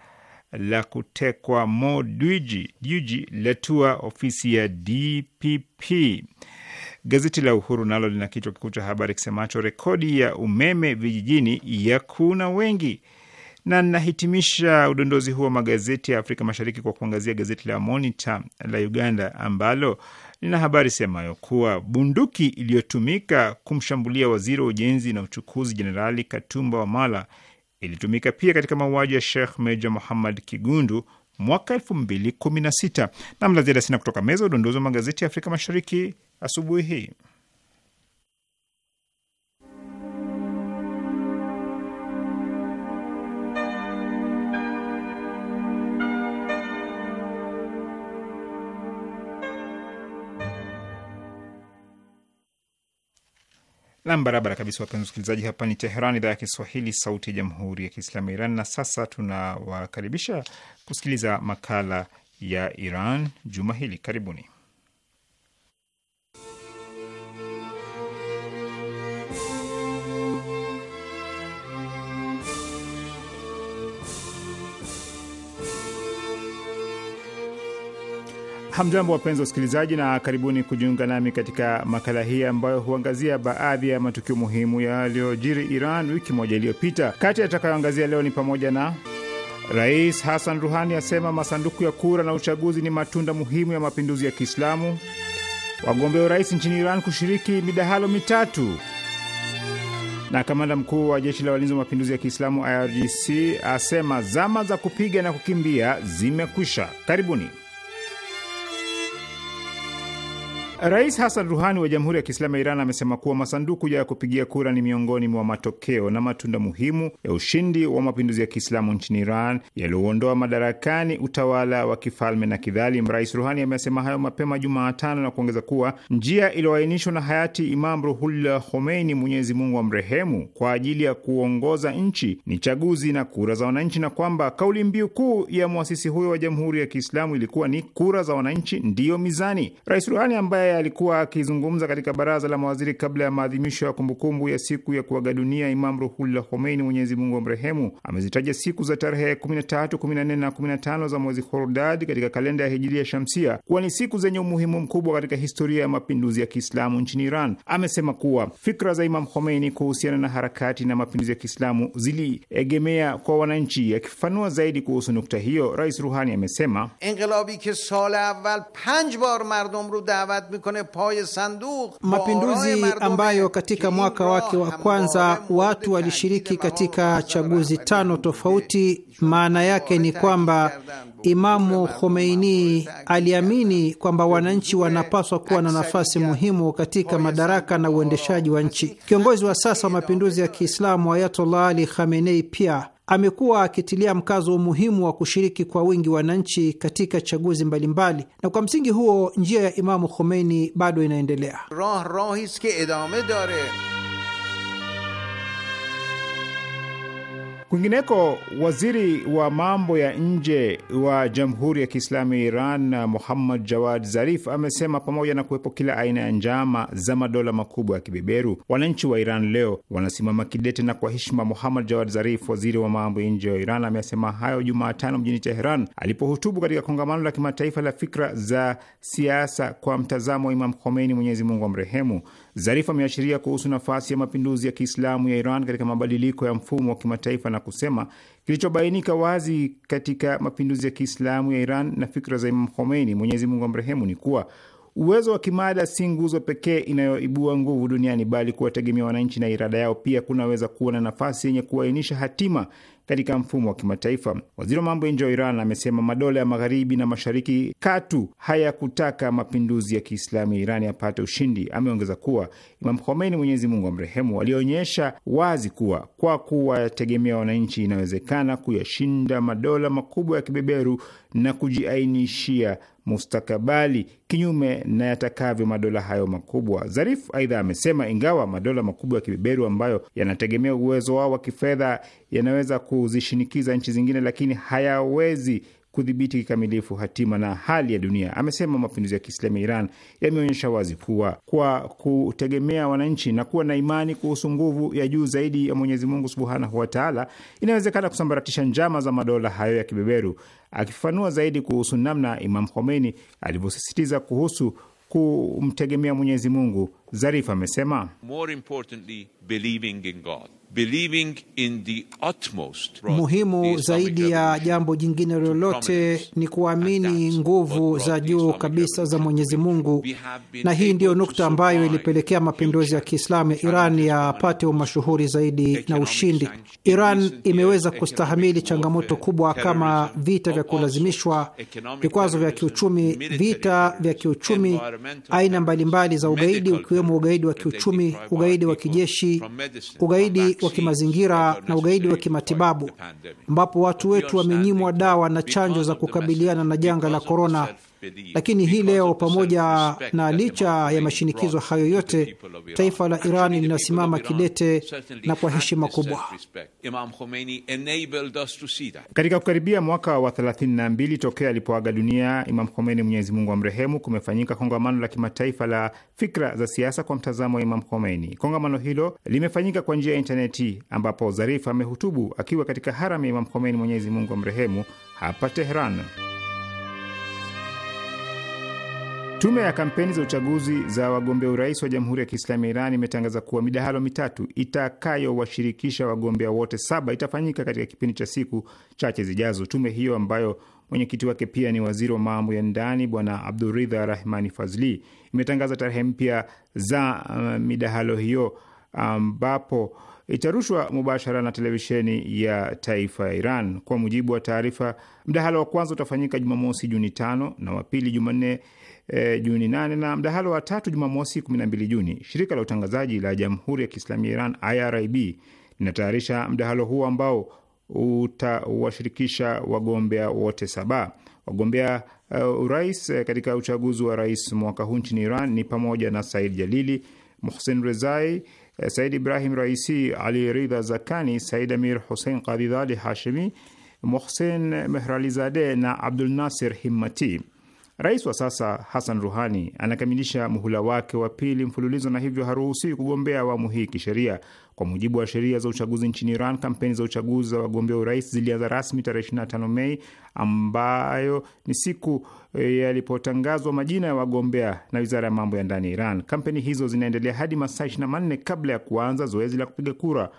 B: la kutekwa Mo Dewji, Dewji letua ofisi ya DPP. Gazeti la Uhuru nalo lina kichwa kikuu cha habari kisemacho rekodi ya umeme vijijini ya kuna wengi, na nahitimisha udondozi huu wa magazeti ya Afrika Mashariki kwa kuangazia gazeti la Monitor la Uganda ambalo lina habari semayo kuwa bunduki iliyotumika kumshambulia waziri wa ujenzi na uchukuzi Jenerali Katumba Wamala ilitumika pia katika mauaji ya Sheikh Meja Muhammad Kigundu mwaka elfu mbili kumi na sita. Namla ziada sina kutoka meza udondozi wa magazeti ya Afrika Mashariki asubuhi hii. Nam, barabara kabisa, wapenzi wasikilizaji, hapa ni Teheran, idhaa ya Kiswahili, sauti ya jamhuri ya kiislamu ya Iran. Na sasa tunawakaribisha kusikiliza makala ya Iran juma hili. Karibuni. Hamjambo, wapenzi wasikilizaji, na karibuni kujiunga nami katika makala hii ambayo huangazia baadhi ya matukio muhimu yaliyojiri Iran wiki moja iliyopita. Kati yatakayoangazia leo ni pamoja na Rais Hassan Ruhani asema masanduku ya kura na uchaguzi ni matunda muhimu ya mapinduzi ya Kiislamu, wagombea urais nchini Iran kushiriki midahalo mitatu, na kamanda mkuu wa jeshi la walinzi wa mapinduzi ya Kiislamu IRGC asema zama za kupiga na kukimbia zimekwisha. Karibuni. Rais Hasan Ruhani wa Jamhuri ya Kiislamu ya Iran amesema kuwa masanduku ya kupigia kura ni miongoni mwa matokeo na matunda muhimu ya ushindi wa mapinduzi ya Kiislamu nchini Iran yaliyouondoa madarakani utawala wa kifalme na kidhalimu. Rais Ruhani amesema hayo mapema Jumatano na kuongeza kuwa njia iliyoainishwa na hayati Imam Ruhullah Khomeini, Mwenyezi Mungu amrehemu, kwa ajili ya kuongoza nchi ni chaguzi na kura za wananchi, na kwamba kauli mbiu kuu ya mwasisi huyo wa Jamhuri ya Kiislamu ilikuwa ni kura za wananchi ndiyo mizani. Rais Ruhani ambaye ambaye alikuwa akizungumza katika baraza la mawaziri kabla ya maadhimisho ya kumbukumbu ya siku ya kuaga dunia Imam Ruhullah Khomeini, Mwenyezi Mungu mrehemu amezitaja siku za tarehe 13, 14 na 15 za mwezi Hordad katika kalenda ya Hijiria Shamsia kuwa ni siku zenye umuhimu mkubwa katika historia ya mapinduzi ya Kiislamu nchini Iran. Amesema kuwa fikra za Imam Khomeini kuhusiana na harakati na mapinduzi ya Kiislamu ziliegemea kwa wananchi. Akifafanua zaidi kuhusu nukta hiyo, Rais Ruhani amesema
C: inqilabi ke sal awal panj bar mardom ro mapinduzi ambayo katika mwaka wake wa kwanza watu walishiriki katika chaguzi tano tofauti. Maana yake ni kwamba Imamu Khomeini aliamini kwamba wananchi wanapaswa kuwa na nafasi muhimu katika madaraka na uendeshaji wa nchi. Kiongozi wa sasa wa mapinduzi ya Kiislamu Ayatollah Ali Khamenei pia amekuwa akitilia mkazo umuhimu wa kushiriki kwa wingi wananchi katika chaguzi mbalimbali mbali. Na kwa msingi huo njia ya Imamu Khomeini bado inaendelea
A: roh, roh,
C: Kwingineko, waziri
B: wa mambo ya nje wa Jamhuri ya Kiislamu ya Iran Muhammad Jawad Zarif amesema pamoja na kuwepo kila aina ya njama za madola makubwa ya kibeberu, wananchi wa Iran leo wanasimama kidete na kwa heshima. Muhammad Jawad Zarif, waziri wa mambo ya nje wa Iran, amesema hayo Jumatano mjini Teheran alipohutubu katika kongamano la kimataifa la fikra za siasa kwa mtazamo wa Imam Khomeini, Mwenyezi Mungu amrehemu. Zarif ameashiria kuhusu nafasi ya mapinduzi ya Kiislamu ya Iran katika mabadiliko ya mfumo wa kimataifa na kusema kilichobainika wazi katika mapinduzi ya Kiislamu ya Iran na fikra za Imam Khomeini, Mwenyezi Mungu amrehemu, ni kuwa uwezo wa kimada si nguzo pekee inayoibua nguvu duniani, bali kuwategemea wananchi na irada yao pia kunaweza kuwa na nafasi yenye kuainisha hatima katika mfumo wa kimataifa. Waziri wa mambo ya nje wa Iran amesema madola ya magharibi na mashariki katu hayakutaka mapinduzi ya Kiislamu ya Iran yapate ushindi. Ameongeza kuwa Imam Khomeini, Mwenyezi Mungu amrehemu, alionyesha wazi kuwa kwa kuwategemea wananchi inawezekana kuyashinda madola makubwa ya kibeberu na kujiainishia mustakabali kinyume na yatakavyo madola hayo makubwa. Zarif aidha amesema ingawa madola makubwa ya kibeberu ambayo yanategemea uwezo wao wa kifedha yanaweza kuzishinikiza nchi zingine, lakini hayawezi kudhibiti kikamilifu hatima na hali ya dunia. Amesema mapinduzi ya Kiislamu ya Iran yameonyesha wazi kuwa kwa kutegemea wananchi na kuwa na imani kuhusu nguvu ya juu zaidi ya Mwenyezi Mungu subhanahu wataala, inawezekana kusambaratisha njama za madola hayo ya kibeberu. Akifafanua zaidi kuhusu namna Imam Khomeini alivyosisitiza kuhusu kumtegemea Mwenyezi Mungu, Zarif amesema
A: More importantly, believing in God. Muhimu zaidi
C: ya jambo jingine lolote ni kuamini nguvu za juu kabisa za Mwenyezi Mungu, na hii ndiyo nukta ambayo ilipelekea mapinduzi ya Kiislamu ya Iran yapate umashuhuri zaidi na ushindi. Iran imeweza kustahamili changamoto kubwa kama vita vya kulazimishwa, vikwazo vya kiuchumi, vita vya kiuchumi, aina mbalimbali za ugaidi, ukiwemo ugaidi wa kiuchumi, ugaidi wa kijeshi, ugaidi uhalifu wa kimazingira na ugaidi wa kimatibabu, ambapo watu wetu wamenyimwa dawa na chanjo za kukabiliana na janga la korona lakini hii leo, pamoja na licha ya mashinikizo hayo yote, taifa la Iran linasimama kidete na kwa heshima kubwa.
B: Katika kukaribia mwaka wa 32 tokea alipoaga dunia Imam Khomeini, Mwenyezi Mungu amrehemu, kumefanyika kongamano la kimataifa la fikra za siasa kwa mtazamo wa Imam Khomeini. Kongamano hilo limefanyika kwa njia ya intaneti, ambapo Zarif amehutubu akiwa katika haram ya Imam Khomeini, Mwenyezi Mungu amrehemu, hapa teheran Tume ya kampeni za uchaguzi za wagombea urais wa Jamhuri ya Kiislamu ya Iran imetangaza kuwa midahalo mitatu itakayowashirikisha wagombea wote saba itafanyika katika kipindi cha siku chache zijazo. Tume hiyo ambayo mwenyekiti wake pia ni waziri wa mambo ya ndani Bwana Abduridha Rahmani Fazli imetangaza tarehe mpya za um, midahalo hiyo ambapo um, itarushwa mubashara na televisheni ya taifa ya Iran. Kwa mujibu wa taarifa, mdahalo wa kwanza utafanyika Jumamosi Juni tano na wa pili Jumanne e, Juni 8 na mdahalo wa tatu Jumamosi 12 Juni. Shirika la utangazaji la Jamhuri ya Kiislamu ya Iran IRIB linatayarisha mdahalo huo ambao utawashirikisha wagombea wote saba. Wagombea uh, urais eh, katika uchaguzi wa rais mwaka huu nchini Iran ni pamoja na Said Jalili, Muhsin Rezai, Said Ibrahim Raisi, Ali Ridha Zakani, Said Amir Hussein Qadidhali Hashimi, Mohsen Mehralizade na Abdul Nasir Himmati. Rais wa sasa Hassan Ruhani anakamilisha muhula wake wa pili mfululizo na hivyo haruhusiwi kugombea awamu hii kisheria. Kwa mujibu wa sheria za uchaguzi nchini Iran, kampeni za uchaguzi za wagombea urais zilianza rasmi tarehe 25 Mei, ambayo ni siku e, yalipotangazwa majina ya wagombea na wizara ya mambo ya ndani ya Iran. Kampeni hizo zinaendelea hadi masaa 24 kabla ya kuanza zoezi la kupiga kura.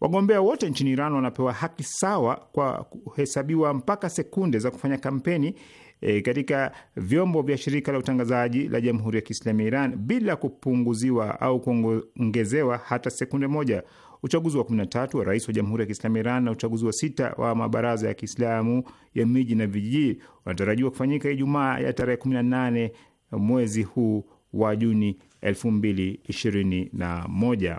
B: Wagombea wote nchini Iran wanapewa haki sawa kwa kuhesabiwa mpaka sekunde za kufanya kampeni e, katika vyombo vya shirika la utangazaji la Jamhuri ya Kiislamu ya Iran bila kupunguziwa au kuongezewa hata sekunde moja. Uchaguzi wa 13 wa rais wa Jamhuri ya Kiislamu ya Iran na uchaguzi wa sita wa mabaraza ya Kiislamu ya miji na vijiji unatarajiwa kufanyika Ijumaa ya tarehe 18 mwezi huu wa Juni 2021.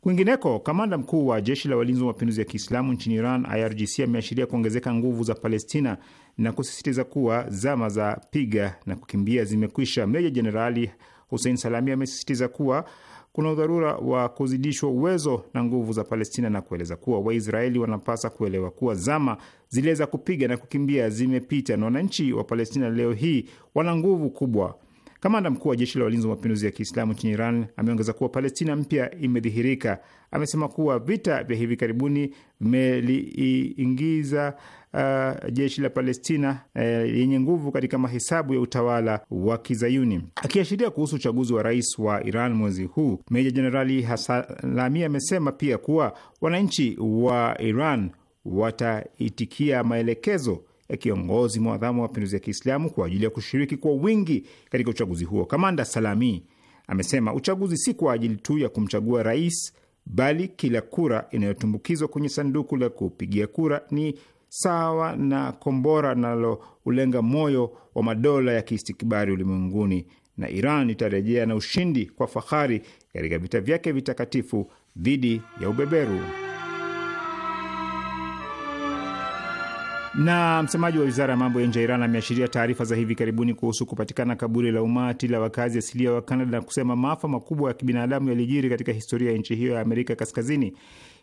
B: Kwingineko, kamanda mkuu wa jeshi la walinzi wa mapinduzi ya Kiislamu nchini Iran, IRGC, ameashiria kuongezeka nguvu za Palestina na kusisitiza kuwa zama za piga na kukimbia zimekwisha. Meja Jenerali Hussein Salami amesisitiza kuwa kuna udharura wa kuzidishwa uwezo na nguvu za Palestina na kueleza kuwa Waisraeli wanapasa kuelewa kuwa zama zile za kupiga na kukimbia zimepita na wananchi wa Palestina leo hii wana nguvu kubwa. Kamanda mkuu wa jeshi la walinzi wa mapinduzi ya Kiislamu nchini Iran ameongeza kuwa Palestina mpya imedhihirika. Amesema kuwa vita vya hivi karibuni vimeliingiza uh, jeshi la Palestina uh, yenye nguvu katika mahesabu ya utawala wa Kizayuni. Akiashiria kuhusu uchaguzi wa rais wa Iran mwezi huu, Meja Jenerali Hasalami amesema pia kuwa wananchi wa Iran wataitikia maelekezo ya kiongozi mwadhamu wa mapinduzi ya Kiislamu kwa ajili ya kushiriki kwa wingi katika uchaguzi huo. Kamanda Salami amesema uchaguzi si kwa ajili tu ya kumchagua rais, bali kila kura inayotumbukizwa kwenye sanduku la kupigia kura ni sawa na kombora linaloulenga moyo wa madola ya kiistikibari ulimwenguni, na Iran itarejea na ushindi kwa fahari katika vita vyake vitakatifu dhidi ya ubeberu. na msemaji wa wizara ya mambo ya nje ya Iran ameashiria taarifa za hivi karibuni kuhusu kupatikana kaburi la umati la wakazi asilia wa Kanada na kusema maafa makubwa ya kibinadamu yalijiri katika historia ya nchi hiyo ya Amerika Kaskazini.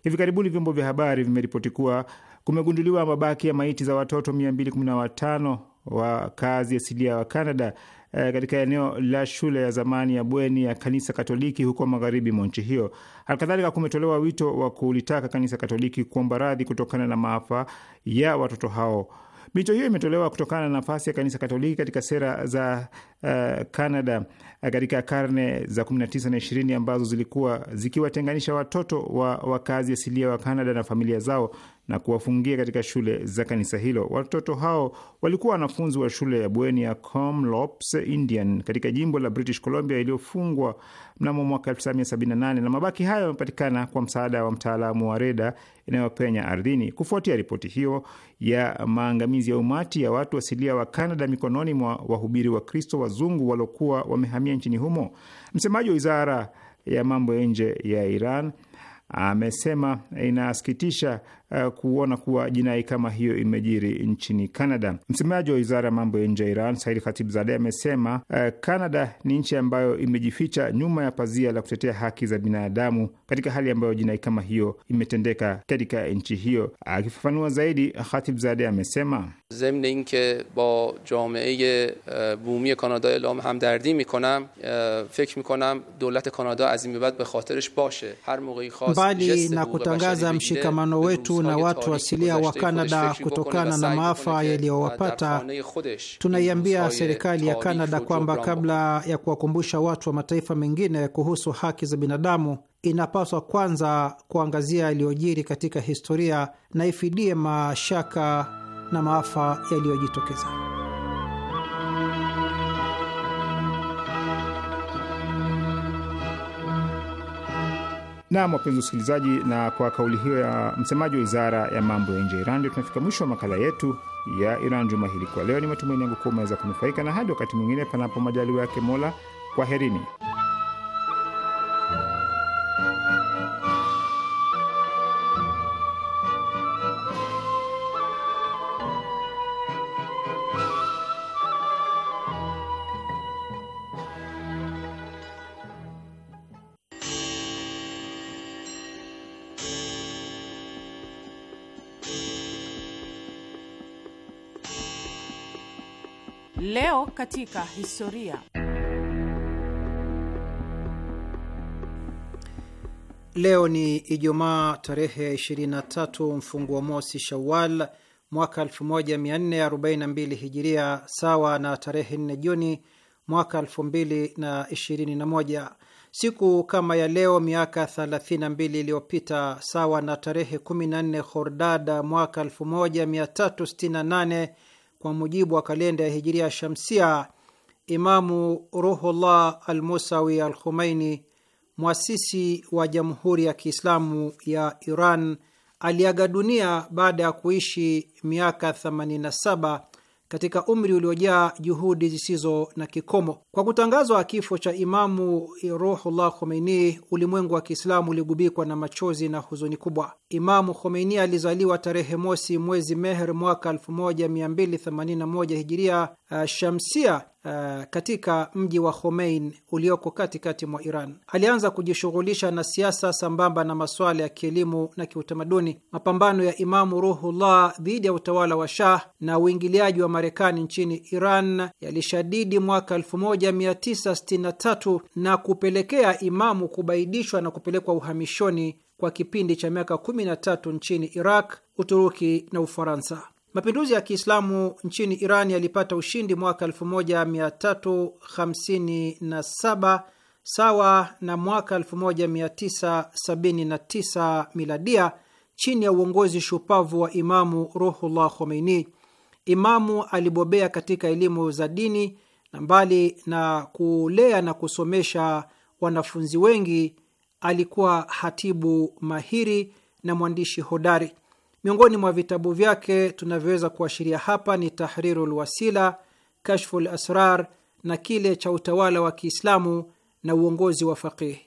B: Hivi karibuni vyombo vya habari vimeripoti kuwa kumegunduliwa mabaki ya maiti za watoto 215 wa kazi asilia wa canada eh, katika eneo la shule ya zamani ya bweni ya kanisa Katoliki huko magharibi mwa nchi hiyo. Halikadhalika, kumetolewa wito wa kulitaka kanisa Katoliki kuomba radhi kutokana na maafa ya watoto hao. Mito hiyo imetolewa kutokana na nafasi ya kanisa Katoliki katika sera za Kanada eh, eh, katika karne za 19 na 20 ambazo zilikuwa zikiwatenganisha watoto wa wakazi asilia wa Kanada na familia zao na kuwafungia katika shule za kanisa hilo. Watoto hao walikuwa wanafunzi wa shule ya bweni ya Kamloops Indian katika jimbo la British Columbia iliyofungwa mnamo mwaka 1978 na mabaki hayo yamepatikana kwa msaada wa mtaalamu wa reda inayopenya ardhini. Kufuatia ripoti hiyo ya maangamizi ya umati ya watu asilia wa canada mikononi mwa wahubiri wa Kristo wa wazungu waliokuwa wamehamia nchini humo. Msemaji wa wizara ya mambo ya nje ya Iran amesema inasikitisha Eh, kuona kuwa jinai kama hiyo imejiri nchini canada Msemaji wa wizara ya mambo ya nje ya Iran Said Khatibzadeh amesema uh, eh, Kanada ni nchi ambayo imejificha nyuma ya pazia la kutetea haki za binadamu katika hali ambayo jinai kama hiyo imetendeka katika nchi hiyo. Akifafanua uh, zaidi, Khatibzadeh amesema zemne inke ba jamee bumi kanada elam hamdardi mikonam fikr mikonam dolat kanada az in bashe har moqi khas bali na kutangaza mshikamano wetu na watu asilia wa Kanada kutokana
C: na maafa yaliyowapata. Tunaiambia serikali ya Kanada kwamba kabla ya kuwakumbusha watu wa mataifa mengine kuhusu haki za binadamu, inapaswa kwanza kuangazia yaliyojiri katika historia na ifidie mashaka na maafa yaliyojitokeza. Nam, wapenzi
B: wasikilizaji, na kwa kauli hiyo ya msemaji wa wizara ya mambo ya nje ya Iran ndio tunafika mwisho wa makala yetu ya Iran juma hili. Kwa leo, ni matumaini yangu kuwa umeweza kunufaika, na hadi wakati mwingine, panapo majaliwa yake Mola, kwaherini.
D: katika historia.
C: Leo ni Ijumaa tarehe 23 mfungu wa mosi Shawal mwaka 1442 Hijiria, sawa na tarehe 4 Juni mwaka 2021. Siku kama ya leo miaka 32 iliyopita, sawa na tarehe 14 Khordada mwaka 1368 kwa mujibu wa kalenda ya hijiria shamsia, Imamu Ruhullah Musawi Al Khumaini, mwasisi wa Jamhuri ya Kiislamu ya Iran, aliaga dunia baada ya kuishi miaka 87 katika umri uliojaa juhudi zisizo na kikomo. Kwa kutangazwa kifo cha Imamu Ruhullah Khomeini, ulimwengu wa Kiislamu uligubikwa na machozi na huzuni kubwa. Imamu Khomeini alizaliwa tarehe mosi mwezi Meher mwaka 1281 hijiria uh, shamsia uh, katika mji wa Khomein ulioko katikati mwa Iran. Alianza kujishughulisha na siasa sambamba na masuala ya kielimu na kiutamaduni. Mapambano ya Imamu Ruhullah dhidi ya utawala wa Shah na uingiliaji wa Marekani nchini Iran yalishadidi mwaka 1963 na kupelekea Imamu kubaidishwa na kupelekwa uhamishoni kwa kipindi cha miaka 13 nchini Iraq, Uturuki na Ufaransa. Mapinduzi ya Kiislamu nchini Iran yalipata ushindi mwaka 1357 sawa na mwaka 1979 miladia chini ya uongozi shupavu wa Imamu Ruhullah Khomeini. Imamu alibobea katika elimu za dini na mbali na kulea na kusomesha wanafunzi wengi, alikuwa hatibu mahiri na mwandishi hodari. Miongoni mwa vitabu vyake tunavyoweza kuashiria hapa ni Tahriru lwasila, Kashfu lasrar na kile cha utawala wa Kiislamu na uongozi wa faqihi.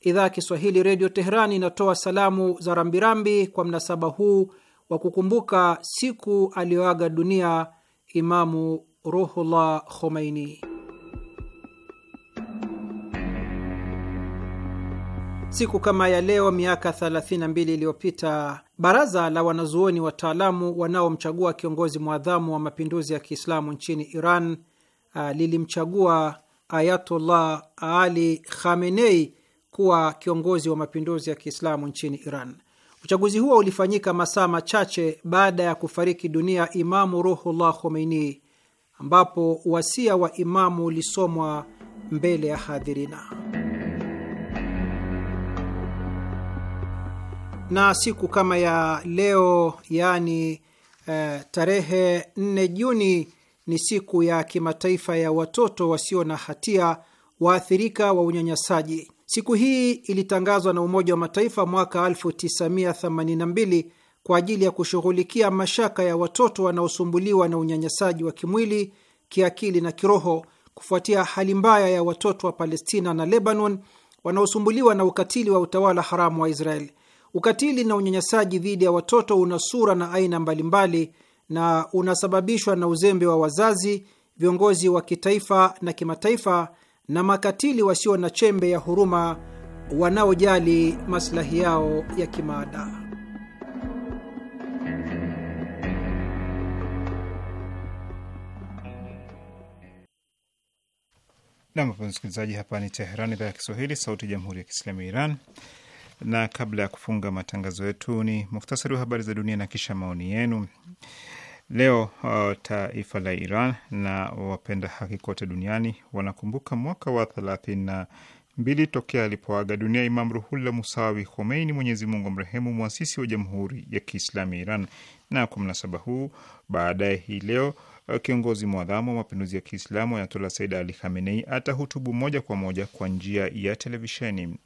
C: Idhaa ya Kiswahili Redio Teheran inatoa salamu za rambirambi kwa mnasaba huu wa kukumbuka siku aliyoaga dunia Imamu Ruhullah Khomeini. Siku kama ya leo miaka 32 iliyopita baraza la wanazuoni wataalamu wanaomchagua kiongozi mwadhamu wa mapinduzi ya Kiislamu nchini Iran uh, lilimchagua Ayatullah Ali Khamenei kuwa kiongozi wa mapinduzi ya Kiislamu nchini Iran. Uchaguzi huo ulifanyika masaa machache baada ya kufariki dunia Imamu Ruhullah Khomeini, ambapo wasia wa Imamu ulisomwa mbele ya hadhirina. na siku kama ya leo yaani eh, tarehe 4 Juni ni siku ya kimataifa ya watoto wasio na hatia waathirika wa unyanyasaji. Siku hii ilitangazwa na Umoja wa Mataifa mwaka 1982 kwa ajili ya kushughulikia mashaka ya watoto wanaosumbuliwa na unyanyasaji wa kimwili, kiakili na kiroho kufuatia hali mbaya ya watoto wa Palestina na Lebanon wanaosumbuliwa na ukatili wa utawala haramu wa Israeli. Ukatili na unyanyasaji dhidi ya watoto una sura na aina mbalimbali na unasababishwa na uzembe wa wazazi, viongozi wa kitaifa na kimataifa, na makatili wasio na chembe ya huruma wanaojali maslahi yao ya kimaada. Nam,
B: msikilizaji, hapa ni Teheran, idhaa ya Kiswahili, sauti ya jamhuri ya kiislamu ya Iran na kabla ya kufunga matangazo yetu ni muhtasari wa habari za dunia na kisha maoni yenu. Leo uh, taifa la Iran na wapenda haki kote duniani wanakumbuka mwaka wa thelathini na mbili tokea alipoaga dunia Imam Ruhullah Musawi Khomeini, Mwenyezi Mungu amrehemu, mwasisi wa Jamhuri ya Kiislamu ya Iran. Na kwa mnasaba huu, baadaye hii leo uh, kiongozi mwadhamu wa mapinduzi ya Kiislamu Ayatollah Said Ali Khamenei atahutubu moja kwa moja kwa njia ya televisheni.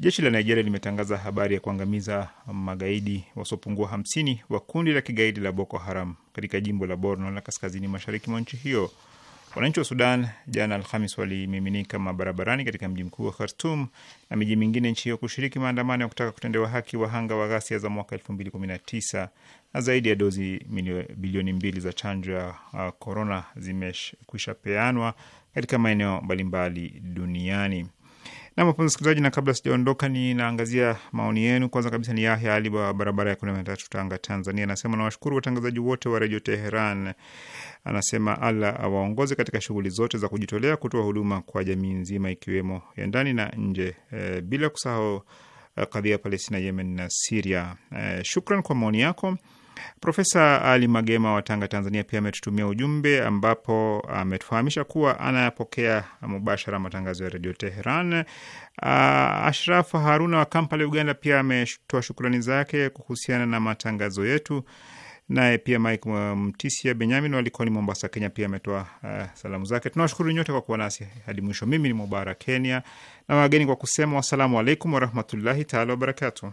B: Jeshi la Nigeria limetangaza habari ya kuangamiza magaidi wasiopungua hamsini wa kundi la kigaidi la Boko Haram katika jimbo la Borno la kaskazini mashariki mwa nchi hiyo. Wananchi wa Sudan jana Alhamis walimiminika mabarabarani katika mji mkuu wa Khartum na miji mingine nchi hiyo kushiriki maandamano ya kutaka kutendewa haki wahanga wa ghasia za mwaka 2019 na zaidi ya dozi bilioni mbili za chanjo ya korona uh, zimekwisha peanwa katika maeneo mbalimbali duniani. Namwapea msikilizaji, na kabla sijaondoka, ninaangazia maoni yenu. Kwanza kabisa ni Yahya Ali wa barabara ya kumi na tatu, Tanga, Tanzania. Anasema nawashukuru watangazaji wote wa redio Teheran. Anasema Allah awaongoze katika shughuli zote za kujitolea kutoa huduma kwa jamii nzima, ikiwemo ya ndani na nje, e, bila kusahau eh, kadhia ya Palestina, Yemen na Siria. E, eh, shukran kwa maoni yako. Profesa Ali Magema wa Tanga, Tanzania, pia ametutumia ujumbe ambapo ametufahamisha kuwa anayapokea mubashara matangazo ya redio Teheran. Ah, Ashraf Haruna wa Kampala, Uganda, pia ametoa shukrani zake kuhusiana na matangazo yetu. Naye pia Mike Mtisia Benyamin walikoni Mombasa, Kenya, pia ametoa uh, salamu zake. Tunawashukuru nyote kwa kuwa nasi hadi mwisho. Mimi ni Mubarak Kenya na wageni kwa kusema wassalamu alaikum warahmatullahi taala wabarakatu.